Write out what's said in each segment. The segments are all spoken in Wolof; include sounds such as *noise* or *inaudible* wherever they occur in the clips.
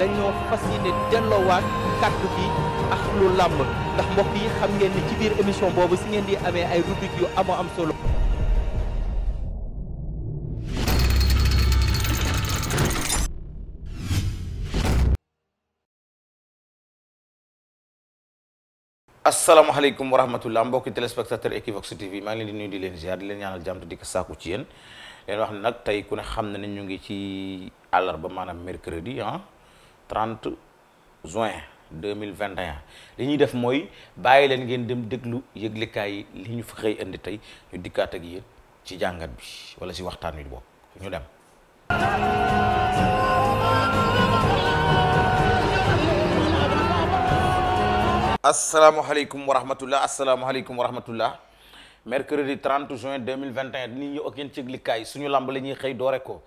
dañoo fas yéene delloowaat am solo. asalaamaaleykum wa rahmatullah mbokki téléspectateur Equivox TV maa ngi leen di nuyu di leen ziar di leen ñaanal jàmm di ko sàkku ci yéen leen wax ne nag tey ku ne xam na ne ñu ngi ci àllarba maanaam mercredi ah 30 juin 2021 li ñuy def mooy bàyyi leen ngeen dem déglu yëglikaay li ñu fa xëy indi tey ñu dikkaat ak yéen ci jàngat bi wala si waxtaan wi bokk ñu dem. asalaamaaleykum wa rahmatulah asalaamaaleykum wa rahmatulah mercredi 30 juin 2021 ni ñu ak yéen ci yëglikaay suñu lamb la ñuy xëy doore ko.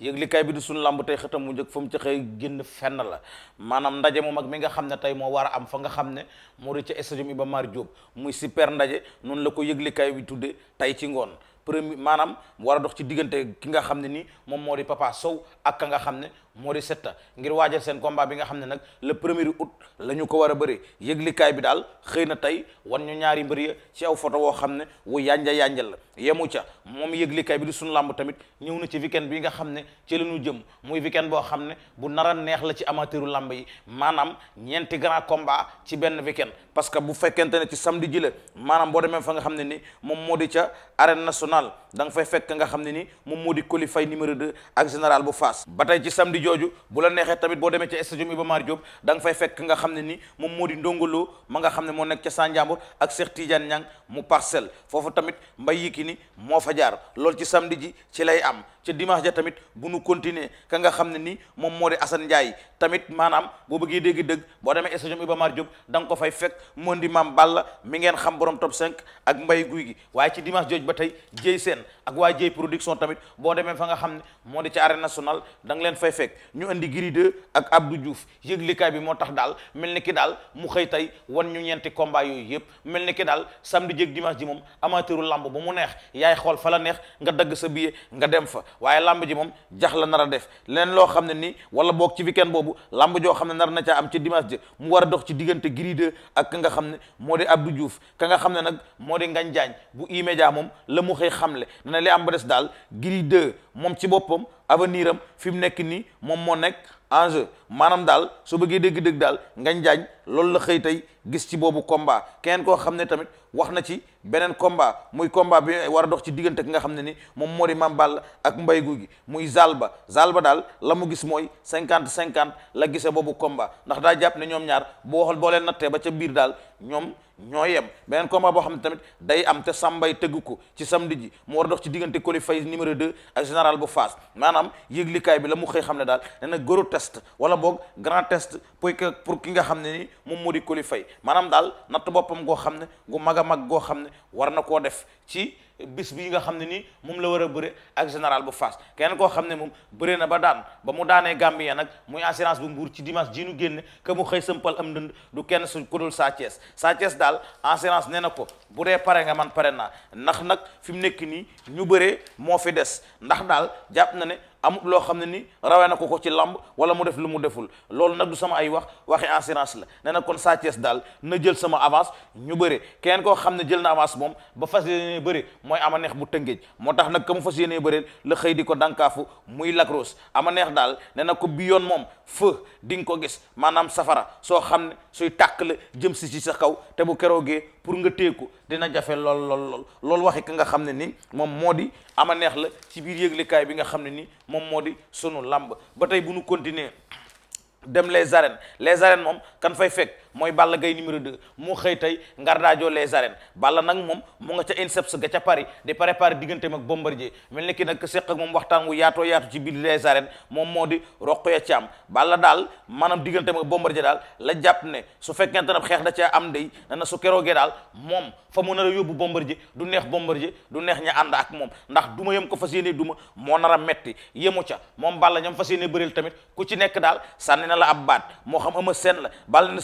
yëglikaay bi du suñu làmb tey xëtam mu njëkk fa mu ca xëy génn fenn la maanaam ndaje mu mag mi nga xam ne tey moo war a am fa nga xam ne moo di ca stadium Iba Mar Diop muy super ndaje noonu la ko yëglikaay bi tuddee tey ci ngoon premier maanaam war a dox ci diggante ki nga xam ne nii moom moo di Papa Sow ak ka nga xam ne moo di Siteu ngir waajal seen combat bi nga xam ne nag le premier août la ñu ko war a bëri yëglikaay bi daal xëy na tey wan ñu ñaari mbër ya ci aw photo woo xam ne wu yanja yanjal la yemu ca moom yëglikaay bi di suñ làmb tamit ñëw na ci weekend bi nga xam ne ci la ñu jëm muy weekend boo xam ne bu nara neex la ci amateuru làmb yi maanaam ñeenti grand combat ci benn weekend parce que bu fekkente ne ci samedi ji la maanaam boo demee fa nga xam ne ni moom moo di ca arène nationale da nga fay fekk nga xam ne ni moom moo di qualifié numéro 2 ak général bu Fass jooju bu la neexee tamit boo demee ca stadium Iba Mar Diop da nga fay fekk nga xam ne nii moom moo di Ndongo Lo ma nga xam ne moo nekk ca Sanjambur ak Cheikh Tidiane Niang mu parcel foofu tamit ki Yékini moo fa jaar loolu ci samedi ji ci lay am ca dimanche ja tamit bu nu continuer ka nga xam ne ni moom moo di Assane Ndiaye tamit maanaam boo bëggee dégg dëgg boo demee stadium Iba Mar Diop da nga ko fay fekk moo di Mame Balla mi ngeen xam boroom top cinq ak Mbaye Guy gi waaye ci dimanche jooju ba tey Dieye Sène ak waa Dieye production tamit moo di ci arène nationale da leen fay fekk ñu indi Gris 2 ak Abdou juuf yëglikaay bi moo tax daal mel ni ki daal mu xëy tey wan ñu ñeenti combat yooyu yëpp mel ni ki daal samedi jëg dimanche ji moom amateuru làmb ba mu neex yaay xool fa la neex nga dagg sa billet nga dem fa waaye làmb ji moom jax la nar a def leen loo xam ne nii wala boog ci kenn boobu lamb joo xam ne nar na caa am ci dimanche ji mu war a dox ci diggante gride ak ka nga xam ne moo di Abdou Diouf ka nga xam ne nag moo di Ngagne Diagne bu immédiat moom la mu xëy xamle dana li am ba des daal Gris moom ci boppam avenir am fi mu nekk nii moom moo nekk enjeu maanaam daal su bëggee dégg daal Ngagne Diagne loolu la xëy tey gis ci boobu combat keneen koo xam ne tamit wax na ci beneen combat muy combat bi war a dox ci diggante ki nga xam ne ni moom moo di Mame Balla ak Mbaye Gouy Gui muy Zalba Zalba daal la mu gis mooy cinquante cinquante la gisee boobu combat ndax daa jàpp ne ñoom ñaar boo waxal boo nattee ba ca biir daal ñoom ñoo yem beneen combat boo xam ne tamit day am te sambay tëgg ko ci samedi ji mu war a dox ci diggante Coly numéro 2 ak général bu Fass maanaam yëglikaay bi la mu xëy xam ne daal nee na gros test wala boog grand test pour ki nga xam ne moom moo di Coly Faye maanaam daal natt boppam goo xam ne gu mag a mag goo xam ne war na koo def ci bis bi nga xam ne nii moom la war a bëre ak général bu Fass kenn koo xam ne moom bëre na ba daan ba mu daanee Gambien nag muy assurance bu mbuur ci dimanche ji nu génne que mu xëy sampal am ndënd du kenn su ko dul Sa Thiès Sa daal assurance nee na ko bu dee pare nga man pare naa ndax nag fi mu nekk nii ñu bëree moo fi des ndax daal jàpp na ne amut loo xam ne ni rawee na ko ko ci làmb wala mu def lu mu deful loolu nag du sama ay wax waxi assurance la nee na kon Sa daal na jël sama avance ñu bëre keneen koo xam ne jël na avance moom ba fas yéenee bëre mooy ama neex bu tëngeej moo tax nag mu fas yéenee bëre la xëy di ko dànkaafu muy lacrose ama neex daal nee na ko bi yoon moom feu di nga ko gis maanaam safara soo xam ne suy tàkk la jëm si ci sa kaw te bu keroogee pour nga téye ko dina jafe lool lool lool loolu waxi ki nga xam ne ni moom moo di ama neex la ci biir yëglekaay bi nga xam ne ni moom moo di sunu làmb ba tey bu nu continuer dem les arènes les arènes moom kan fay fekk. mooy Balla Gaye numéro 2 moo xëy tey ngardaajoo les arènes Balla nag moom mu nga ca INSEPS ga ca Paris di préparé digganteem ak Bombardier mel ni ki nag seq ak moom waxtaan wu yaatoo yaatu ci biir les arènes moom moo di Rokhaya Thiam Balla daal maanaam digganteem ak Bombardier daal la jàpp ne su fekkente ne xeex da ca am day na na su keroogee daal moom fa mu nar a yóbbu Bombardier du neex Bombardier du neex ña ànd ak moom ndax duma yam ko fas yéene duma moo nar a metti yemu ca moom Balla ñam fas yéene bëreel tamit ku ci nekk daal sànni na la ab baat moo xam ama seen la Balla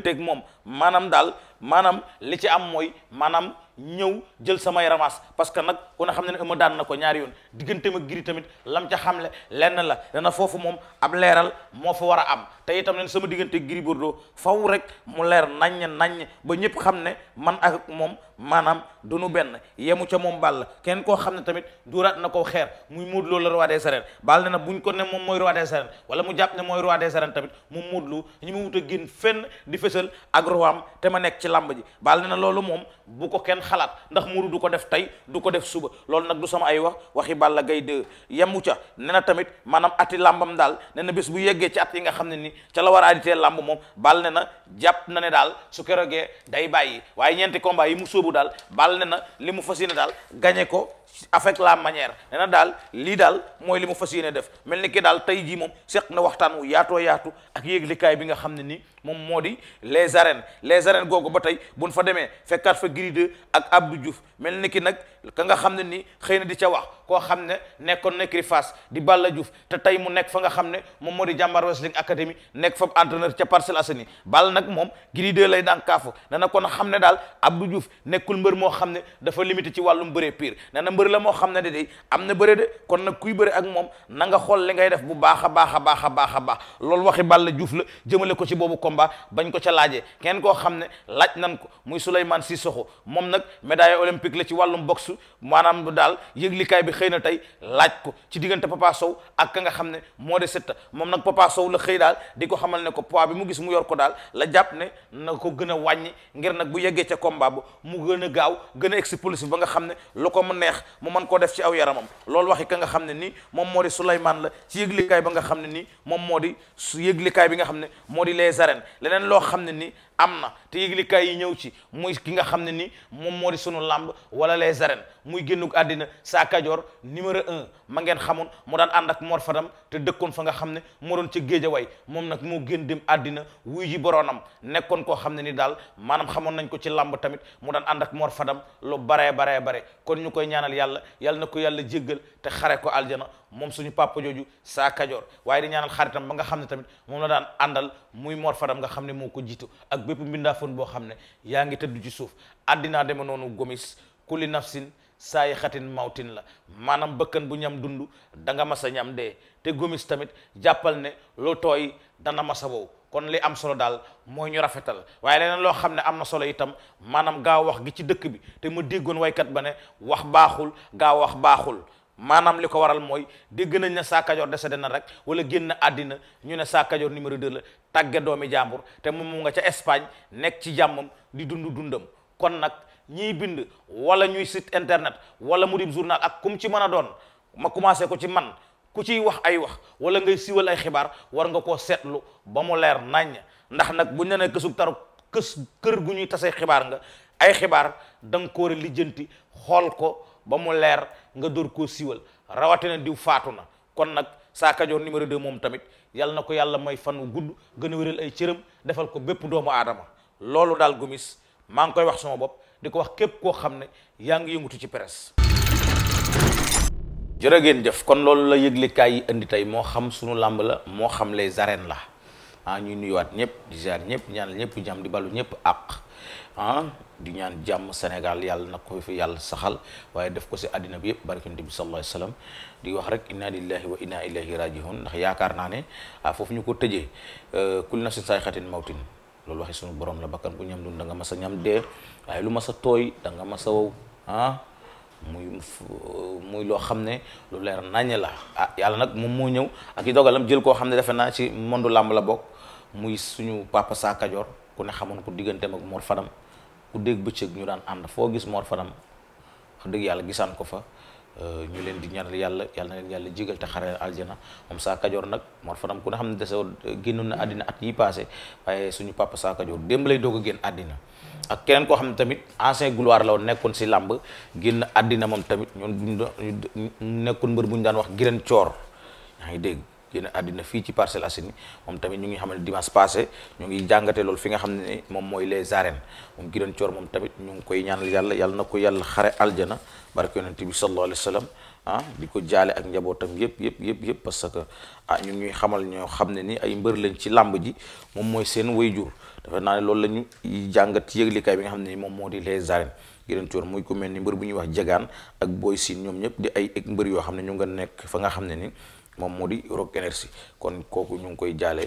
digganteeg moom maanaam daal maanaam li ci am mooy maanaam ñëw jël sama ramas parce que nag ku ne xam ne na ëma daan na ko ñaar yoon diggante ma giri tamit lam ca xamle lenn la dana foofu moom am leeral moo fa war a am te itam leen sama diggante giri bordeaux faw rek mu leer naññ naññ ba ñëpp xam ne man ak moom maanaam du nu benn yemu ca moom la kenn koo xam ne tamit duuraat na ko xeer muy Modou Lo la roi des arènes Balla ne na buñ ko ne moom mooy roi des arènes wala mu jàpp ne mooy roi des arènes tamit mu Modou Lo ñu mu wut a génn fenn di fësal ak roam te ma nekk ci làmb ji Balla ne na loolu moom bu ko kenn xalaat ndax Modou du ko def tey du ko def suba loolu nag du sama ay wax waxi Balla Gaye 2 yemu ca ne na tamit maanaam ati làmbam daal ne na bés bu yeggee ci at yi nga xam ne ni ca la war a aditee làmb moom Balla ne na jàpp na ne daal su kerogee day bàyyi waaye ñeenti combat yi mu sóobu daal daal ne li mu fas yéene daal gagné ko avec la manière ne na daal lii daal mooy li mu fas yéene def mel ni ki daal tey jii moom seq na waxtaan wu yaatoo yaatu ak yéeglikaay bi nga xam ne nii moom moo di les arènes les arènes googu ba tey buñ fa demee fekkaat fa Gris 2 ak Abdou mel ni ki nag ka nga xam ne nii xëy na di ca wax koo xam ne nekkoon na écurie Fass di Balla Diouf te tey mu nekk fa nga xam ne moom moo di Jàmbaar Wrestling Academy nekk fa entraîneur ca Parcelles Assainies bal nag moom Gris 2 lay daan kaafu ne na kon xam ne daal Abdou juuf nekkul mbër moo xam ne dafa limité ci wàllum bëree pire ne na mbër la moo xam ne day am na bëre de kon nag kuy bëre ak moom na nga xool li ngay def bu baax a baax a baax a baax a baax loolu waxi Balla Diouf la jëmale ko ci boobu combat bañ ko ca laajee kenn koo xam ne laaj nan ko muy Souleymane Sissoko moom nag médaille olympique la ci wàllum boxe maanaam daal yëglikaay bi xëy na tey laaj ko ci diggante Papa Sow ak ka nga xam ne moo de Siteu moom nag Papa Sow la xëy daal di ko xamal ne ko poids bi mu gis mu yor daal la jàpp ne na ko gën a wàññi ngir nag bu yeggee ca combat ba mu gën a gaaw gën a explosif ba nga xam ne lu ko mu neex mu mën koo def ci aw yaramam loolu waxi ka la ci yëglikaay ba nga xam ne nii moom moo di su yëglikaay bi nga xam ne moo di les arènes leneen leneen loo xam ne ni am na te yëglikaay yi ñëw ci muy ki nga xam ne ni moom moo di suñu làmb wala les arènes muy génnug àddina saa kajoor numéro un ma ngeen xamoon mu daan ànd ak Mor Fadam te dëkkoon fa nga xam ne moo doon ca géejawaay moom nag moo génn dem àddina wuy ji boroonam nekkoon koo xam ne ni daal maanaam xamoon nañ ko ci làmb tamit mu daan ànd ak Mor Fadam lu baree baree bare kon ñu koy ñaanal yàlla yàlla na ko yàlla jéggal te xare ko aljana moom suñu papa jooju saa kajoor waaye di ñaanal xaritam ba nga xam ne tamit moom la daan àndal muy Mor Fadam nga xam ne moo ko jiitu ak bépp mbindaafoon boo xam ne yaa ngi tëdd ci suuf àddinaa deme noonu gomis kulli nafsin saay xatin mawtin la maanaam bëkkan bu ñam dund da nga masa ñam dee te gomis tamit jàppal ne lu tooy dana masa wow kon li am solo daal mooy ñu rafetal waaye leneen loo xam ne am na solo itam maanaam gaa wax gi ci dëkk bi te ma déggoon waykat ba ne wax baaxul gaa wax baaxul maanaam li ko waral mooy dégg nañ ne Sa Kajoor décédé na rek wala génn àddina ñu ne Sa Kajoor numéro 2 la tàgge doomi jàmbur te moom mu nga ca Espagne nekk ci jàmmam di dund dundam kon nag ñiy bind wala ñuy site internet wala mu di journal ak kum ci mën a doon ma commencé ko ci man ku ciy wax ay wax wala ngay siwal ay xibaar war nga koo seetlu ba mu leer naññ ndax nag buñ ne ne kësug taru kës kër gu ñuy tasee xibaar nga ay xibaar da nga ko lijjanti xool ko ba mu leer nga dóor koo siwal rawatina diw faatu na kon nag saa kajoor numéro 2 moom tamit yal na ko yàlla may fan wu gudd gën a wéral ay cëram defal ko bépp doomu aadama loolu daal gumis maa ngi koy wax sama bopp di ko wax képp koo xam ne yaa ngi yëngutu ci peres presse. a ngeen jëf kon loolu la yëglekaay yi indi tey moo xam sunu làmb la moo xam les arènes la ah ñuy nuyuwaat ñëpp di jaar ñëpp ñaanal ñëpp jàmm di balu ñëpp àq. ah di ñaan jàmm Sénégal yàlla nag ko fi yàlla saxal waaye def ko si àddina bi yëpp barke yonent bi sallallahu alayhi wasallam di wax rek inna lillahi wa inna ilayhi rajiun ndax yaakaar naa ne ah foofu ñu ko tëjee euh, kul nafsin saayxatin mawtin loolu waxi suñu borom la bakkan bu ñam dund da nga mas a ñam dee waaye lu mas a tooy da nga mas a wow ah muy muy loo xam ne lu leer naññe la ah yàlla nag moom moo ñëw ak i dogalam jël koo xam ne defe naa ci monde làmb la bokk muy suñu papa ku ne xamoon ko digganteem ak Mor Fadam ku dégg bëccëg ñu daan ànd foo gis Mor Fadam wax dëgg yàlla gisaan ko fa euh, ñu leen di ñaanal yàlla yàlla na leen yàlla jigal te xare aljana moom saa kajoor nag Mor Fadam ku ne xam ne dese génnoon na àddina at yi waaye suñu papa saa kajoor démb lay doog a àddina ak keneen koo xam ne tamit ancien gloire la woon nekkoon si làmb génn àddina moom tamit ñun nekkoon mbër bu ñu daan wax giren coor yaa ngi dégg génn àddina fii ci Parcelles Assainies moom tamit ñu ngi xam ne dimanche passé ñu ngi jàngate loolu fi nga xam ne moom mooy les arènes moom Giron Coor moom tamit ñu koy ñaanal yàlla yàlla na ko yàlla xare aljana barke yonente bi sallallahu alayhi wa sallam ah di ko jaale ak njabootam yëpp yëpp yëpp yëpp parce que ah ñun ñuy xamal ñoo xam ne ni ay mbër lañ ci làmb ji moom mooy seen wayjur dafa naa ne loolu la ñu jàngat ci yëglikaay bi nga xam ne moom moo di les arènes Giron Coor muy ko mel ni mbër bu ñuy wax jegaan ak Boy Sine ñoom ñëpp di ay mbër yoo xam ne ñu nga nekk fa nga xam ne ni moom moo di Rock Énergie kon kooku ñu ngi koy jaale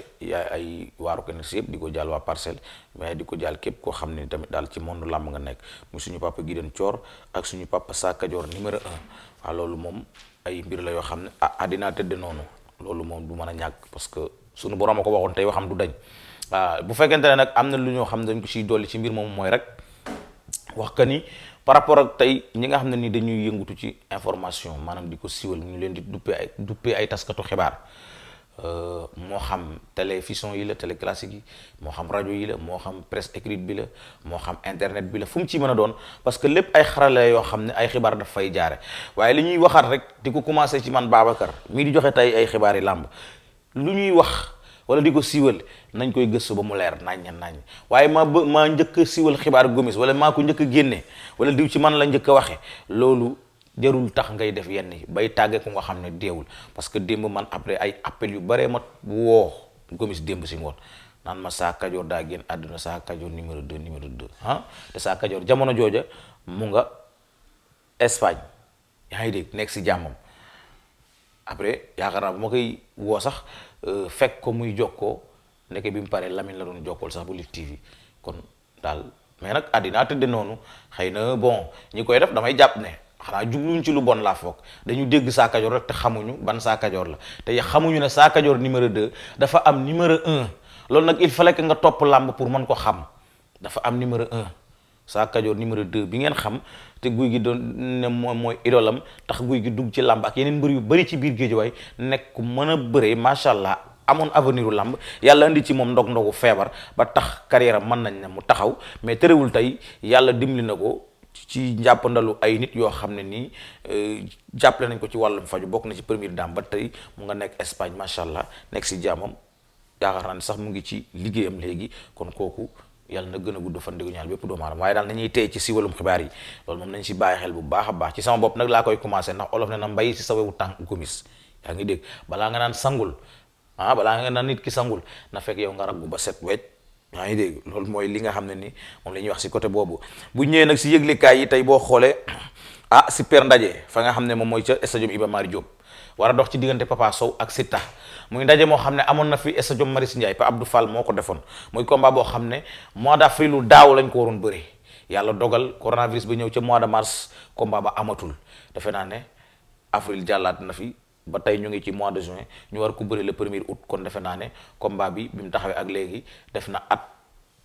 ay waa Rock Énergie yëpp di ko jaal waa parcelle mais di ko jaal képp koo xam ne tamit daal ci monde làmb nga nekk mu suñu papa gi den Coor ak suñu papa Sa Kajoor numéro un waaw loolu moom ay mbir la yoo xam ne ah àddinaa ah, tëdd noonu loolu moom du man a ñàkk parce que suñu borom a ko waxoon tey waxam du dañ waaw ah, bu fekkente ne nag am na lu ñoo xam ne dañ ko siy dolli ci mbir moom mooy rek wax ka ni par rapport ak tey ñi xam ne ni dañuy yëngutu ci information maanaam di ko siiwal ñu leen di duppee ay duppee ay taskatu xibaar euh, moo xam tele télévision yi la télé classique yi moo xam rajo yi la moo xam presse écrite bi la moo xam internet bi la fu mu ciy mën a doon parce que lépp ay xarala yoo xam ne ay xibaar daf fay jaare waaye li ñuy waxaat rek di ko commencé ci man Babacar mii di joxe tey ay xibaar yi làmb lu ñuy wax wala di ko siwal nañ koy gëstu ba mu leer nañ nañ waaye maa ba maa njëkk siwal xibaar gomis wala maa ko njëkk génne wala diw ci man la njëkk a waxe loolu jarul tax ngay def yenn yi bay tàggee ku nga xam ne deewul parce que démb man après ay appel yu baree ma woo gomis démb si ngoon naan ma saa kajoor daa génn àdduna saa kajoor numéro 2 numéro 2 ah te saa kajoor jamono jooja mu nga Espagne yaa ngi dégg nekk si jàmmam après yaakaar naa bu woo sax Euh, fekk ko muy jokkoo ndeke bi mu paree Lamine la doon jokkool sax bu Lutte TV kon daal mais nag àddina tëdde noonu xëy na bon ñi koy def damay jàpp ne xanaa jubluñ ci lu bon laa foog dañu dégg Sa Cadior te xamuñu ban saakajoor la te xamuñu ne Sa Cadior numéro 2 dafa am numéro un loolu nag il fa lekk nga topp làmb pour mën ko xam dafa am numéro un saa kajoor numéro 2 bi ngeen xam te guy gi doon ne moom mooy idolam tax guy gi dugg ci làmb ak yeneen mbër yu bëri ci biir géejuwaay nekk mën a bëre macha allah amoon avenir u làmb yàlla indi ci moom ndog-ndogu feebar ba tax carrière mën nañ ne mu taxaw mais terewul tey yàlla dimbali na ko ci njàppandalu ay nit yoo xam ne nii euh, jàppale nañ ko ci wàllum faju bokk na ci première dame ba tey mu nga nekk Espagne macha allah nekk si jaamam yaakaar naa ne sax mu ngi ci liggéeyam léegi kon kooku. yàlla na gën a gudd fan di ko ñaanal bépp doomu aadama waaye daal nañuy téye ci siwalum xibaar yi loolu moom nañ si bàyyi xel bu baax a baax ci sama bopp nag laa koy commencé ndax olof ne na mbay si sawewu tànk gomis yaa ngi dégg balaa nga naan sangul ah balaa nga naan nit ki sangul na fekk yow nga raggu ba set wecc yaa ngi dégg loolu mooy li nga xam ne ni moom la ñuy wax si côté boobu bu ñëwee nag si yëglikaay yi tey boo xoolee ah super ndaje fa nga xam ne moom mooy ca stadium Iba Mar Diop war a dox ci diggante Papa Sow ak Siteu muy ndaje moo xam ne amoon na fi stade Marius Ndiaye Pa Abdou Fall moo ko defoon muy komba boo xam ne mois d'avril lu daaw lañ ko waroon bëri yàlla dogal coronavirus bi ñëw ca mois de mars combat ba amatul defe naa ne avril jàllaat na fi ba tey ñu ngi ci mois de juin ñu war ko bëri le premier août kon defe naa ne combat bi bi taxawee ak léegi def na at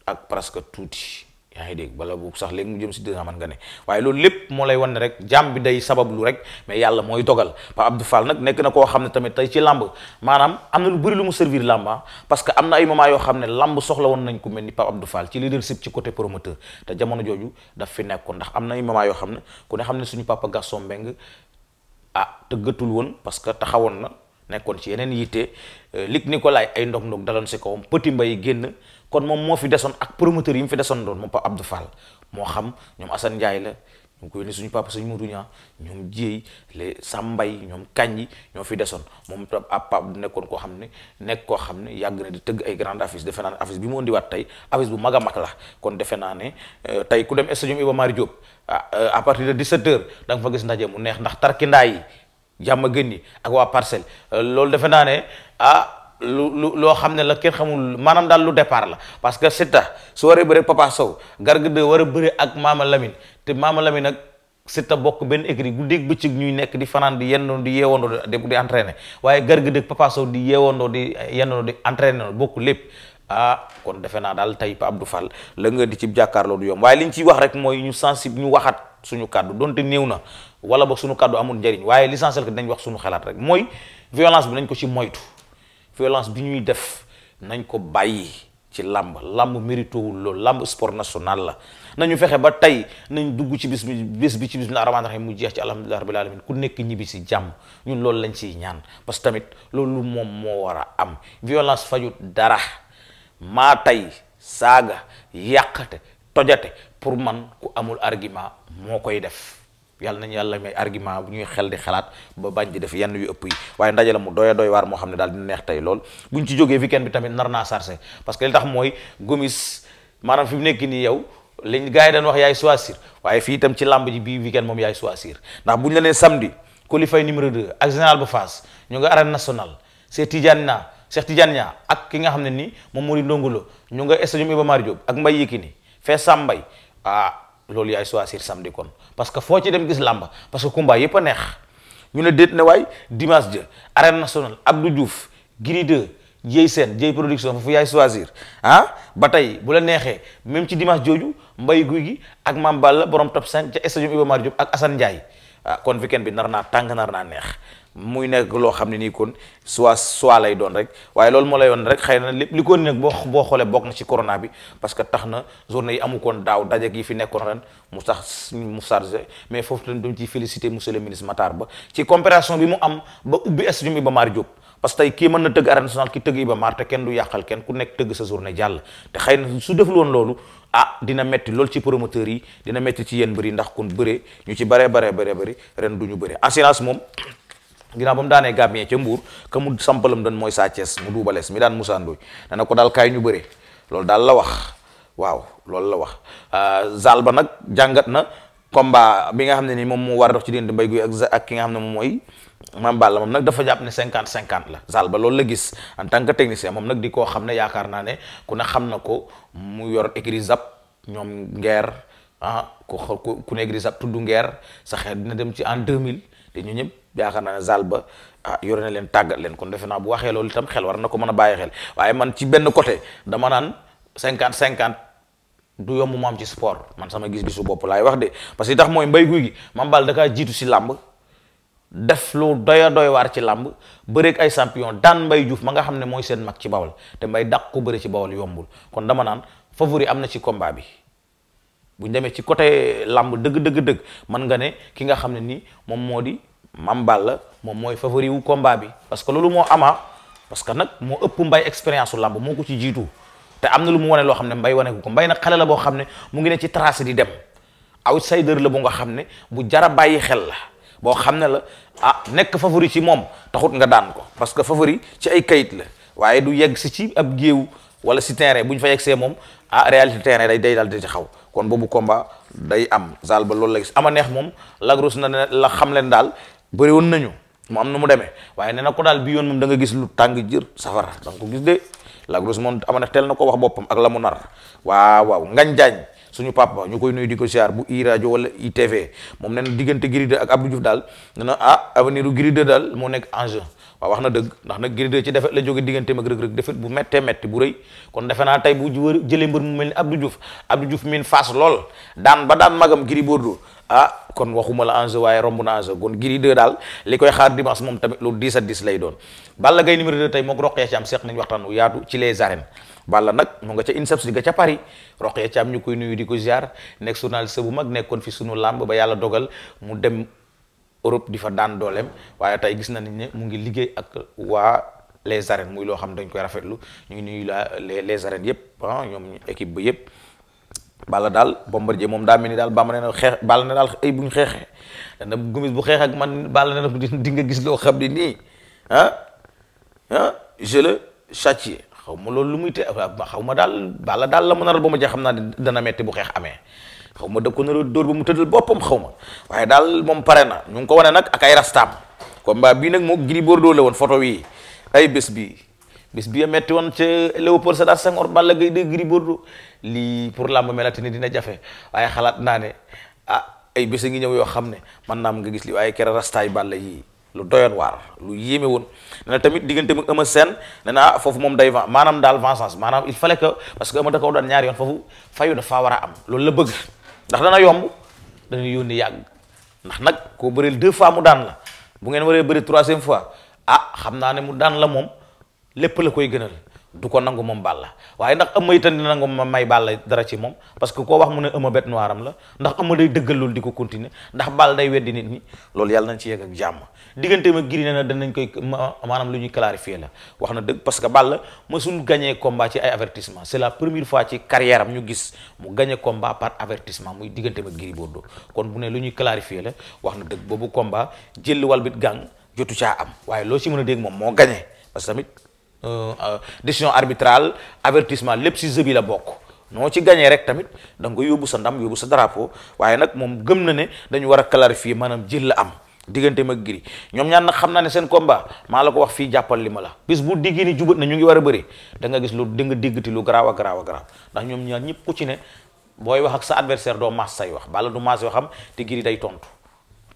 ak presque tuuti. yaa ngi dégg bala bu sax léegi mu jëm si deux man nga ne waaye loolu lépp moo lay wan ne rek jàmm bi day sabablu rek mais yàlla mooy dogal ba Abdou nag nekk na koo xam ne tamit tey ci làmb maanaam am na lu mu servir làmba ah, parce que am na ay moment yoo xam ne làmb soxla woon nañ ku mel ni Pape Abdou Fall ci leadership ci côté promoteur te jamono jooju daf fi nekkoon ndax am na moment yoo xam ne ku xam ne suñu papa Gaston Mbengue ah tëggatul woon parce que taxawoon na nekkoon ci yeneen yitte ko euh, laay ay ndog-ndog daloon si kawam Petit Mbaye génn. kon moom moo fi desoon ak promoteur yi mu fi desoon doon moom Pape Abdou Fall moo xam ñoom Assane Ndiaye la ñu koy ni suñu papa suñu Modou Niang ñoom Dieye les Sambay ñoom Kandji ñoo fi desoon moom ab Pape du nekkoon koo xam ne nekk koo xam ne yàgg na di tëgg ay grande affiche defe naa ne affiche bi mu indiwaat tey affiche bu mag mag la kon defe naa ne euh, tey ku dem stadium Iba Mar Diop ah, euh, à partir de 17h da nga fa gis ndaje mu neex ndax tarkindaa yi jàmm gën yi ak waa parcelle euh, loolu defe naa ne ah. loo xam ne la kenn xamul maanaam daal lu départ la parce que Siteu su waree bëre Papa Sow Garga de war a bëre ak Mama lamin te Mama Lamine nag Siteu bokk benn écrit guddeeg bëccëg ñuy nekk di fanaan di yendoo di yeewandoo di di entraîné waaye Garga de Papa Sow di yeewandoo di yendoo di bokk lépp ah kon defe naa daal tey Pa Abdou Fall la nga di ci jàkkaarloo du yomb waaye li ñu ciy wax rek mooy ñu sensible ñu waxat suñu kàddu donte néew na wala ba suñu kàddu amul njëriñ waaye l'essentiel que dinañ wax suñu xalaat rek mooy violence bi nañ ko ci moytu violence bi ñuy def nañ ko bàyyi ci làmb làmb méritowul loolu làmb sport national la na ñu fexe ba tey nañ dugg ci bis bi bés bi ci bismillah rahmaan rahim mu jeex ci alhamdulilah rabbil alamin ku nekk ñibbi si jàmm ñun loolu lañ ciy ñaan parce que tamit loolu moom moo war a am violence faju dara maa tey saaga yàqate tojate pour man ku amul argument moo koy def yàlla nañ yàlla may argument bu ñuy xel di xalaat ba bañ di def yenn yu ëpp yi waaye ndaje la mu doy doy waar moo xam ne daal dina neex tey lool buñ ci jógee weekend bi tamit nar naa sarse parce que li tax mooy gomis maanaam fi mu nekk nii yow liñ gars yi daan wax yaay choisir waaye fii itam ci làmb ji bii weekend moom yaay choisir ndax buñ la nee samedi qualifié numéro 2 ak général bu Fass ñu nga arène nationale c'est Tidiane na Cheikh Tidiane Niang ak ki nga xam ne nii moom moo di ndongolo ñu nga stade Iba Mar Diop ak Mbaye Yékini loolu yaay choisir samedi kon parce que foo ci dem gis làmb parce que combat yëpp a neex ñu ne déet ne waay dimanche ja arène nationale Abdou Diouf Gris 2 Dieye Sène Dieye production foofu yaay choisir ah ba tey bu la neexee même ci dimanche jooju mbay guy gi ak Mame Balla borom top 5 ca stade Iba Mar ak Assane Ndiaye ah, kon weekend bi nar naa tàng nar naa neex muy nekk loo xam ne nii kon soit soit lay doon rek waaye loolu moo lay woon rek xëy na lépp li ko ni nag boo boo xoolee bokk na ci corona bi parce que tax na journée yi amu kon daaw daje yi fi nekkoon ren mu tax mu chargé mais foofu tamit dañ ciy félicité monsieur le ministre Matar Ba ci coopération bi mu am ba ubbi stade que kii mën na tëgg arène nationale ki tëgg Iba Mar te kenn du yàqal kenn ku nekk tëgg sa journée jàll te xëy na su deful woon loolu ah dina loolu ci promoteurs yi dina metti ci yéen bëri ndax kon bëree ñu ci baree baree baree bëri ren du ñu bëree assurance moom ginnaaw ba mu daanee Gambien ca Mbour ka mu sampalam doon mooy Sa Thiès mu duubalees mi daan Moussa Ndoye dana ko daal kaay ñu bëre loolu daal la wax waaw loolu la wax euh, zal ba nag jàngat na comme ba bi nga xam ne nii moom moo war a dox ci diggante mbay Guèye ak ak ki nga xam ne moom mooy Mame Balla moom nag dafa jàpp ne cinquante cinquante la zal ba loolu la gis en tant que technicien moom nag di koo xam ne yaakaar naa ne ku ne xam na ko mu yor écrit zap ñoom ngeer ah ku ku ku tudd ngeer sa dina dem ci en 2000 te ñu ñëpp yaakaar naa ne zal ba ah yore na leen tàggal leen kon defe naa bu waxee loolu itam xel war na ko mën a bàyyi xel waaye man ci benn côté dama naan cinquante cinquante du yomb mu am ci sport man sama gis-gisu bopp laay wax parce que tax mooy mbay bal da jiitu si làmb def lu doya doy waar ci làmb bëreeg ay champion daan mbay juuf ma nga xam ne mooy seen mag ci bawal te mbay dàq ko bëri ci bawal yombul kon dama naan favori am na ci combat bi bu ñu demee ci côté làmb dëgg dëgg dëgg mën nga ne ki nga xam ne nii moom moo di Mame la moom mooy favori wu combat bi parce que loolu moo amaa parce que nag moo ëpp mbay expérience u làmb moo ko ci jiitu te am na lu mu wane loo xam ne mbay wane ko mbay na xale la boo xam ne mu ngi ne ci tracé di dem outsider la bu nga xam ne bu jara bàyyi xel la boo xam ne la ah nekk favori ci moom taxut nga daan ko parce que favori ci ay kayit la waaye du yegg si ci ab géew wala si terrain bu ñu fa yegsee moom ah day day daal di ci xaw kon boobu combat day am zal ba loolu la gis ama neex moom lagros na ne la xam leen daal bëri woon nañu mu am na mu demee waaye nee na ko daal bii yoon moom da nga gis lu tàng jër safara da nga ko gis de la moom ama na ko wax boppam ak la mu nar waaw waaw ngañ jaañ suñu papa ñu koy nuyu di ko siyaar bu i rajo wala ITV moom nee na diggante Gris ak Abdou Diouf daal nee na ah avenir u Gris 2 daal moo nekk enjeu waaw wax na dëgg ndax nag Gris 2 ci defet la jóge diggante mag rëg-rëg defet bu méttee métti bu rëy kon defe naa tey bu jëlee mbër mu mel ni Abdou Diouf Abdou Diouf miin faas lool daan ba daan magam Gris Bordeaux ah kon waxuma la enjeu waaye romb na enjeu kon Gris 2 daal li koy xaar dimanche moom tamit lu 10 à lay doon Balla Gaye numéro 2 tey moo roqee ci am seeq nañ waxtaan wu yaatu ci les arènes Balla nag mu nga ca INSEPS di nga ca Paris roqee ci am ñu koy nuyu di ko ziar nekk journaliste bu mag nekkoon fi sunu làmb yàlla dogal mu Europe di fa daan dooleem waaye tey gis nañ ne mu ngi liggéey ak waa les arènes muy loo xam dañ koy rafetlu ñu ngi nuyu la les les arènes yëpp ah ñoom équipe ba yëpp. Balla daal Bombardier moom daa mel ni daal Bamba nee na xeex Balla ne daal ay bu ñu xeexee dana bu xeex ak man Balla ne la di nga gis loo xam ne nii ah ah xaw ma loolu lu muy te xaw ma daal Balla daal la mu naral ba ma jeex xam naa dana metti bu xeex amee. xaw ma da ko nar a dóor ba mu tëddal boppam xaw ma waaye daal moom pare na ñu ngi ko wane nag ak ay rastaam combat bii nag moo Gris Bordeaux la woon photo yi ay bés bi bés bi a metti woon ca Léopold Sédar Senghor Balla Gaye de Gris Bordeaux lii pour làmb melati ni dina jafe waaye xalaat naa ne ah ay bés a ngi ñëw yoo xam ne man naam nga gis li waaye kere rastaay Balla yi lu doyoon waar lu yéeme woon ne na tamit diggante mu Eumeu Sène ne na ah, foofu moom day maanaam daal vengeance maanaam il fallait que parce que Eumeu da ko daan ñaari yoon foofu fayu dafa war a am loolu la bëgg ndax dana yomb dana yónni yàgg ndax nag koo bëreel deux fois mu daan la bu ngeen waree bëri troisième fois ah xam naa ne mu daan la moom lépp la koy gënal du ko nangu moom la waaye ndax ëmma itam dina nangu ma may Balla dara ci moom parce que koo wax mu ne ëmma bête noire am la ndax ëmma day dëggal loolu di ko continuer ndax Balla day weddi nit ñi loolu yàlla nañ ci yegg ak jàmm diggante ma giri ne na danañ koy maanaam lu ñuy clarifier la wax na dëgg parce que Balla mësul gagné combat ci ay avertissement c'est la première fois ci carrière am ñu gis mu gagné combat par avertissement muy diggante ma Gris Bordeaux kon bu ne lu ñuy clarifier la wax na dëgg boobu combat jëlli wal bit gàng jotu caa am waaye loo ci mën a dégg moom moo gagné parce tamit Euh, euh, décision arbitrale avertissement lépp si jeu la bokk noo ci gañee rek tamit da nga yóbbu sa ndam yóbbu sa drapeau waaye nag moom gëm na ne dañu war a clarifier maanaam jël la am diggante ma giri ñoom ñaan nag xam naa ne seen combat maa la ko wax fii jàppal li ma la bis bu diggi ni jubat na ñu ngi war a bëri da nga gis lu di nga lu garaaw a garaaw a garaaw ndax ñoom ñaan ñëpp ku ci ne booy wax ak sa adversaire doo maas say wax bala du maas yoo xam te giri day tontu.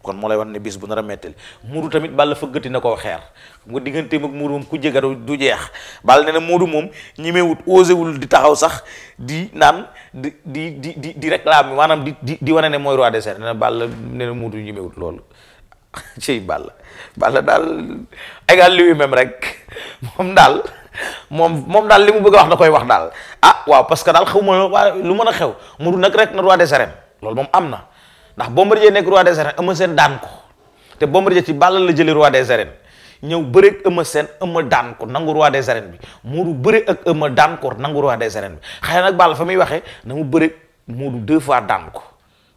kon moo lay wax ne bis bu nar a mettali muudu tamit Balla fëggati na koo xeer xam nga diggante ak muudu moom ku jéggaru du jeex Balla ne na muudu moom ñimewut osewul di taxaw sax di naan di di di di di réclame maanaam di di di wane ne mooy roi des arènes nee na Balla nee na muudu ñimewut loolu *laughs* ciy Balla Balla daal égal lui-même rek moom daal moom moom daal li mu bëgg a wax na koy wax daal ah waaw parce que daal xaw ma waa lu mën a xew muudu nag rek na roi des arènes loolu am na ndax Bombardier nekk roi des arènes Eumeu Sène daan ko te Bombardier ci Balla la jëlee roi des arènes ñëw bëreeg Eumeu Sène Eumeu daan ko nangu roi des arènes bi Modou bëre ak Eumeu daan ko nangu roi xëy nag Balla fa muy waxee na mu bëreeg Modou deux fois daan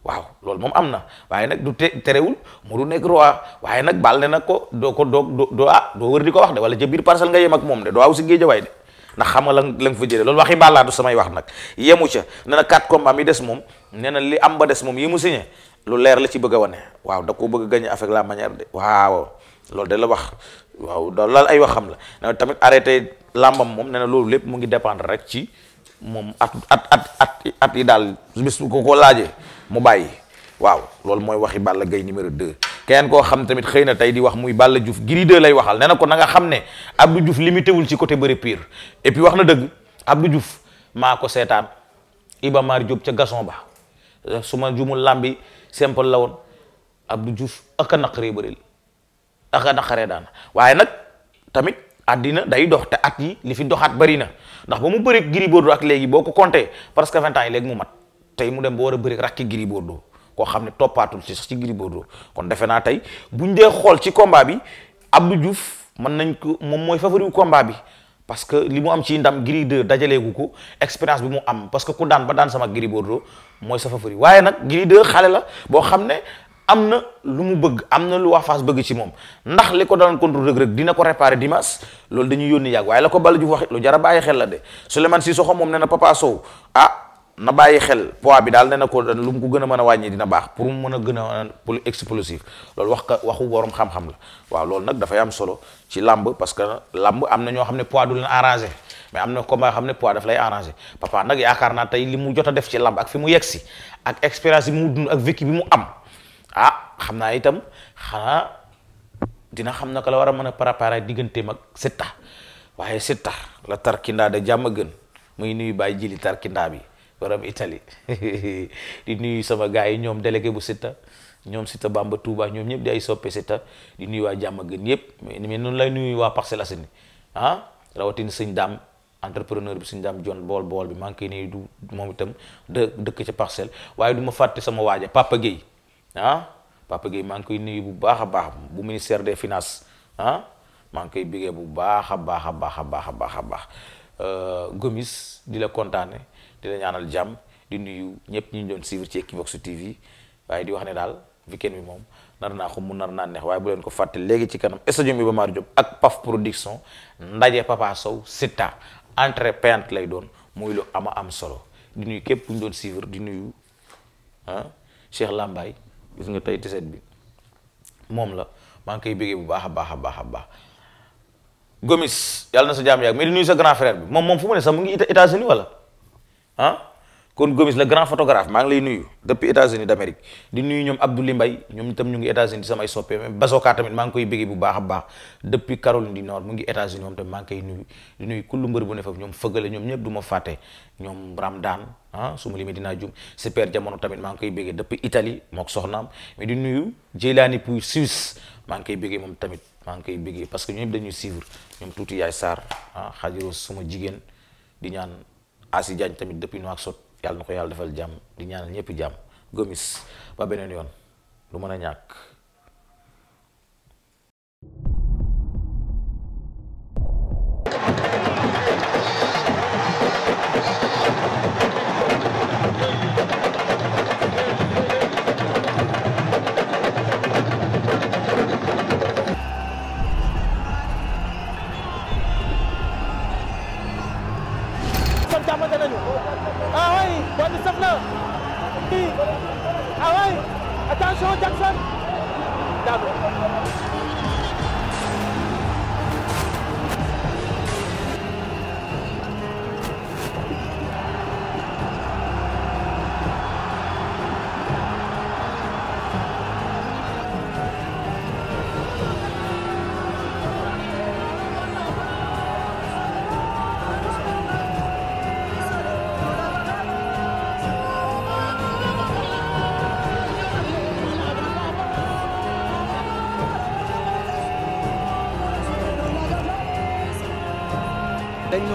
waaw loolu moom am na waaye nag du te terewul Modou nekk roi waaye nag Balla ne nag ko doo ko doo doo ah doo wër di ko wax de wala ca biir parcelle nga yem moom de doo aw si géejawaay de ndax xam nga la nga fa jëlee loolu waxi Balla du samay wax nag yemu ca ne na quatre combats mi des moom nee na li am ba des moom yi mu signé lu leer la ci bëgg a wane waaw da ko bëgg a gagné avec la manière de waaw loolu de la wax waaw loolu ay wax xam la nee tamit arrêté làmbam moom nee na loolu lépp mu ngi dépendre rek ci moom at at at at yi daal bis ko ko laajee mu bàyyi waaw loolu mooy waxi Balla Gaye numéro 2 keneen koo xam ne tamit xëy na tey di wax muy Balla Diouf Gris 2 lay waxal nee na ko na nga xam ne Abdou Diouf limité wul ci côté bëri pire et wax na dëgg Abdou Diouf maa ko seetaan Iba Mar Diop ca Gasson ba Euh, su ma jumul làmbi simple la woon Abdou Diouf ak a naqaree bëril ak a naqaree daan waaye nag tamit àddina day dox te at yi li fi doxaat bëri na ndax ba mu bëri Gris Bordeaux ak léegi boo ko compté parce que vingt yi léegi mu mat tey mu dem ba war a bëri rakki Gris doo koo xam ne toppaatul ci sax ci Gris Bordeaux kon defe naa tey buñ dee xool ci kombaa bi Abdou Diouf mën nañ ko moom mooy favori kombaa bi parce que li mu am ci ndam Gris 2 dajaleegu ko expérience bi mu am parce que ku daan ba daan sama Gris Bordeaux mooy sa favori waaye nag Gris 2 xale la boo xam ne am na lu mu bëgg am na lu wax Fass bëgg ci moom ndax li ko daan contre Reug Reug dina ko réparer dimanche loolu dañuy yónni yàgg waaye la ko Balla Diouf wax lu jar a bàyyi xel la de si Cissokho moom nee na Papa Sow ah. na bàyyi xel poids bi daal ne na ko lu mu ko gën a mën a wàññi dina baax pour mu mën a gën a pour explosif loolu wax ka waxu borom xam-xam la waaw loolu nag dafay am solo ci làmb parce que làmb am na ñoo xam ne poids du leen arrangé mais am na combat xam ne poids daf lay papa nag yaakaar tey li mu jot def ci làmb ak mu yegg si ak expérience bi mu dund ak vécu bi mu am ah xam naa itam xanaa dina xam naka la war a mën a préparer diggante mag Siteu waaye Siteu la tarkindaa da jàmm gën muy nuyu bàyyi jili tarkindaa bi borom itali *laughs* di nuyu sama gars yi ñoom délégué bu Siteu ñoom Siteu Bamba Touba ñoom ñëpp di ay soppe Siteu di nuyu waa jàmm gën yëpp mais noonu lay nuyu waa Parcelles Assainies ah rawatina sëñ daam entrepreneur bi sëñ daam John bool bool bi maa ngi koy nuyu du moom itam dë dëkk ca parcelle waaye du ma fàtte sama waaja Papa Guèye ah Papa Guèye maa ngi koy nuyu bu baax a baax bu ministère des finance ah maa ngi koy bigee bu baax a baax a baax a baax a baax a euh, baax Gomis di la kontaane di la ñaanal jàmm di nuyu ñëpp ñu doon suivre ci Equivox TV waaye di wax ne daal weekend bi moom nar naa xum mu nar naa neex waaye bu leen ko fàtte léegi ci kanam stadium Iba Mar Diop ak Paf Production ndaje Papa Sow Siteu entrée payante lay doon muy lu ama am solo di nuyu képp ku doon suivre di nuyu ah Cheikh gis nga tey tiset bi moom la maa ngi koy bëggee bu baax a baax a baax a baax Gomis yàlla na sa jaam yàgg mais di nuyu sa grand frère bi moom moom fu mu ne sax mu ngi États-Unis wala ah kon Gomis le grand photographe maa ngi lay nuyu depuis États-Unis d'Amérique di nuyu ñoom Abdoulaye Mbaye ñoom itam ñu ngi tamit maa ngi koy bëggee bu baax a baax depuis Caroline du Nord mu ngi États-Unis moom tamit maa ngi koy nuyu di nuyu kullu mbër bu ne foofu ñoom fëggale ñoom ñëpp du ma fàtte ñoom Ramdan ah dinaa jum super tamit maa ngi koy bëggee depuis Italie mook soxnaam mais nuyu Jeylaani Pouy Suisse maa ngi koy bëggee tamit maa ngi koy parce que ñoom ñëpp dañuy suivre ñoom tuuti yaay Sarr ah xaajiroo suma jigéen di ñaan Asi Diagne tamit depuis nu ak sot yàlla na ko yàlla defal jàmm di ñaanal ñëpp jàmm gomis ba beneen yoon lu mën a ñàkk